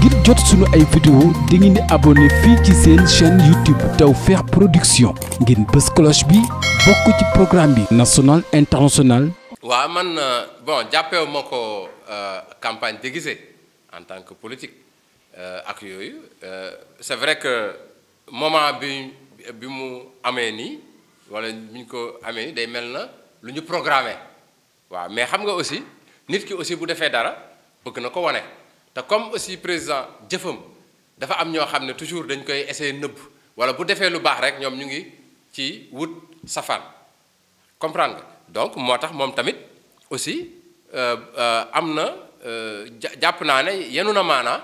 ngir jot sunu ay vidéo di ngeen di abonné fii ci seen chaîne YouTube Tawfekh Production ngir bës cloche bi bokk ci programme bi national international. waa man euh, bon jàppewu ma ko euh, campagne déguisée en tant que politique euh, ak yooyu c'est vrai que moment bi bi mu amee nii wala bi ñu ko amee nii day mel na lu ñu programmé waaw mais xam nga aussi nit ki aussi bu defee dara bëgg na ko wane. comme aussi président jëfam dafa am ñoo xam ne toujours dañ koy essayer nëbb wala bu defee lu baax rek ñoom ñu ngi ci wut safaan comprendre nga donc moo tax moom tamit aussi euh, euh, am na euh, jàpp naa ne yenu na maanaa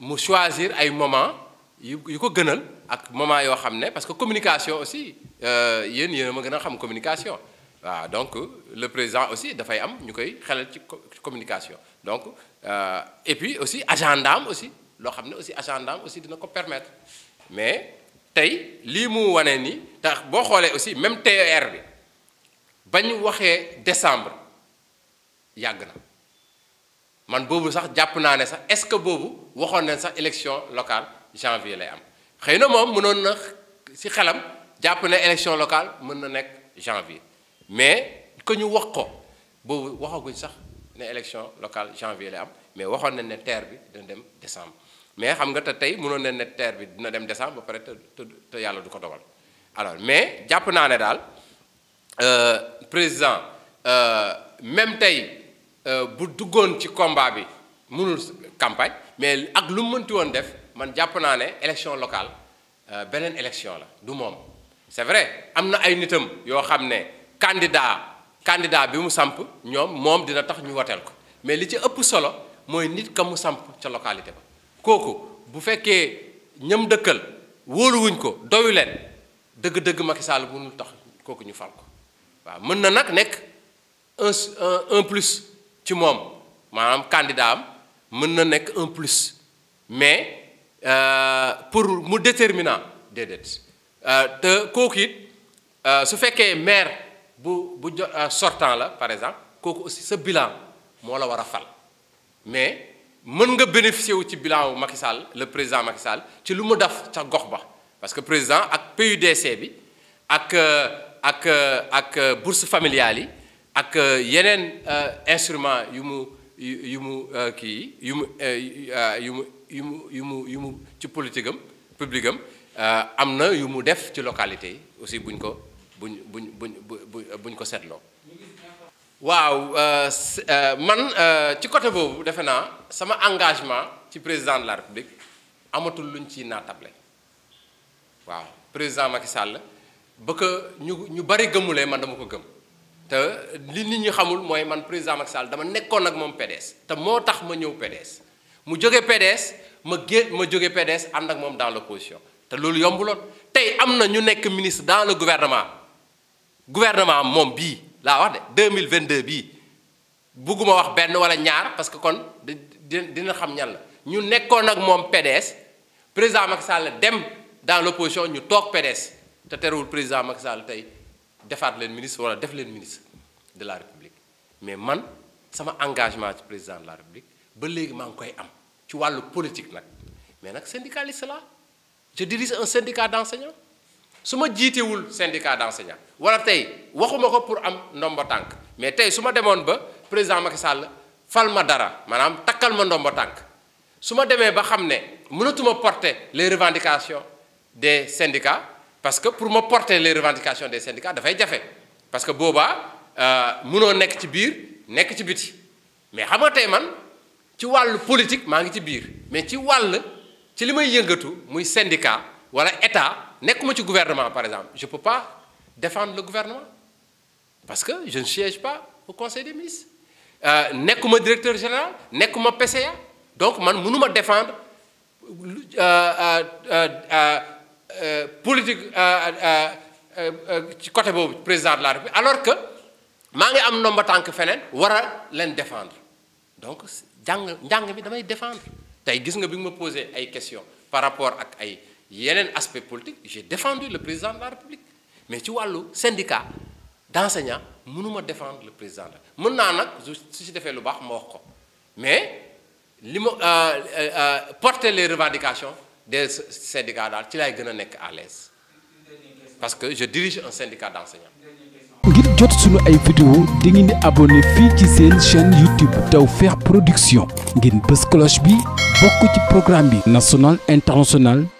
mu choisir ay moment yu yu ko gënal ak moment yoo xam ne parce que communication aussi yéen yéen a ma gën a xam communication waaw donc le président aussi dafay am ñu koy xelal ci communication donc euh, et puis aussi agendaam aussi loo xam ne aussi agendaam aussi dina ko permetre mais tey lii mu wane ni tax boo xoolee aussi même TER bi ba ñu waxee décembre yàgg na man boobu sax jàpp naa ne sax est-ce que boobu waxoon nañ sax élection locale janvier lay am xëy na moom mënoon na si xelam jàpp ne élection locale mën na nekk janvier mais que ñu wax ko boobu waxaguñ sax. ne élection local janvier la am mais waxoon na ne terre bi dina dem décembre mais xam nga te tey mënoon na ne terre bi dina dem décembre ba pare te te yàlla du ko dogal alors mais jàpp naa ne daal euh, président euh, même tey euh, bu duggoon ci combat bi mënul campagne mais ak lu mu mënti woon def man jàpp naa ne élection local beneen élection la du moom c'est vrai am na ay nitam yoo xam ne candidat candidat bi mu samp ñoom moom dina tax ñu woteel ko mais li ci ëpp solo mooy nit ka mu samp ca localité ba kooku bu fekkee ñam dëkkal wóoluwuñ ko doyu leen dëgg-dëgg Macky Sall tax kooku ñu fal waaw mën na nag nekk un un plus ci moom maanaam candidat am mën na nekk un plus mais euh, pour mu déterminant déedéet euh, te kooku it euh, su fekkee maire bu bu jo euh, sortant la par exemple kooku aussi sa bilan moo la war a fal mais mën nga bénéficier wu ci bilan wu Macky Sall le président Macky Sall ci lu mu def ca gox ba parce que président ak PUDC bi ak euh, ak euh, ak bourse familiale yi ak yeneen instrument yu mu yu mu kii yu mu yu mu yu mu yu mu yu mu ci politique am publique am na yu mu def ci localité yi aussi buñ ko buñ buñ bu buñ ko seetloo. waaw euh, euh, man euh, ci côté boobu defe naa sama engagement ci président de la république amatul lu luñ ci naatable waaw président Macky Sall ba ko ñu ñu bari gëmulee man dama ko gëm te li nit ñi xamul mooy man président Macky Sall dama nekkoon ak moom PDS te moo tax ma ñëw PDS mu jóge PDS ma gé ma jóge PDS ànd ak moom dans position te loolu yombuloon tey am na ñu nekk ministre dans le gouvernement. gouvernement moom bii laa wax de 2022 bii bugguma wax benn wala ñaar parce que kon dina xam ñan la ñu nekkoon ak moom PDS président Macky Sall dem dans l'opposition ñu toog PDS te terewul président Macky Sall tey defaat leen ministre wala def leen ministre de la République mais man sama engagement ci président de la République ba léegi maa ngi koy am ci wàllu politique nag mais nag syndicaliste la je dirige un syndicat d'enseignants su ma jiitewul syndicat d'enseignants wala tey waxuma ko pour am ndombo tànk mais tey su ma demoon ba président Macky Sall fal ma dara maanaam takkal ma ndombo tànk su ma demee ba xam ne mënatuma porter les revendications des syndicats parce que pour ma porte le revendications des syndicats dafay jafe parce que boobaa euh, mënoo nekk ci biir nekk ci biti mais xam nga tey man ci wàll politique maa ngi ci biir mais ci wàll ci li may yëngatu muy syndicat wala état nekkuma ci gouvernement par exemple je peux pas défendre le gouvernement parce que je ne siège pas au conseil des ministres euh, nekkuma directeur général nekkuma PCA donc man mënuma défendre euh, euh, politique ci côté boobu président de la République alors que maa ngi am nomba tànk feneen war a leen défendre donc jàng njàng bi damay défendre tey gis nga bi nga ma posé ay questions par rapport ak ay yeneen aspect politique j'ai défendu le président de la république mais ci wàllu syndicat d'enseignants mënuma défendre le président la mën naa nag su si defee lu baax ma wax ko mais li ma euh, euh, euh, porter les revendications des syndicats daal ci laay gën a nekk à l'aise parce que je dirige un syndicat d'enseignants ngir jot suñu ay vidéo di ngeen di abonné fii ci seen chaîne YouTube Tawfekh Production ngeen bës cloche bi bokk ci programme bi national international